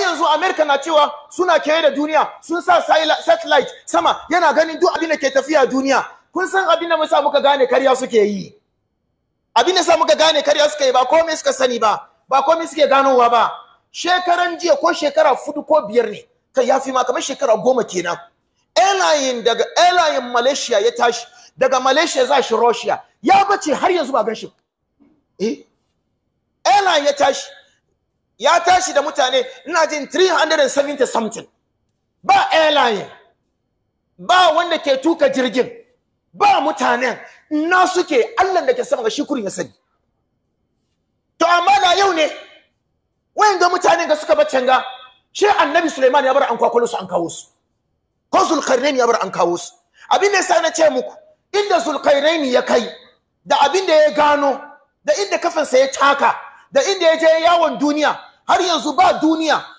yanzu America na cewa suna kewaye da duniya sun sa satellite sama yana ganin duk abin da ke tafiya duniya kun san abin da mu sa muka gane karya suke yi abin da sa muka gane karya suke yi ba komai suka sani ba ba komai suke ganowa ba shekaran jiya ko shekara fudu ko biyar ne kai yafi ma kamar shekara goma kenan airline daga airline Malaysia ya tashi daga Malaysia za shi Russia ya bace har yanzu ba gan shi eh airline ya tashi ya tashi da mutane ina jin 370 something ba airline ba wanda ke tuka jirgin ba mutanen na suke Allah da ke sama ga shikurin ya sani to amma da yau ne ga mutanen ga suka baccan ga shi annabi Suleiman ya bar an kwakwalo su an kawo su ko Zulkarnain ya bar an kawo su abin da yasa na ce muku inda Zulkarnain ya kai da abin da ya gano da inda kafansa ya taka da inda ya je yawon duniya har yanzu ba duniya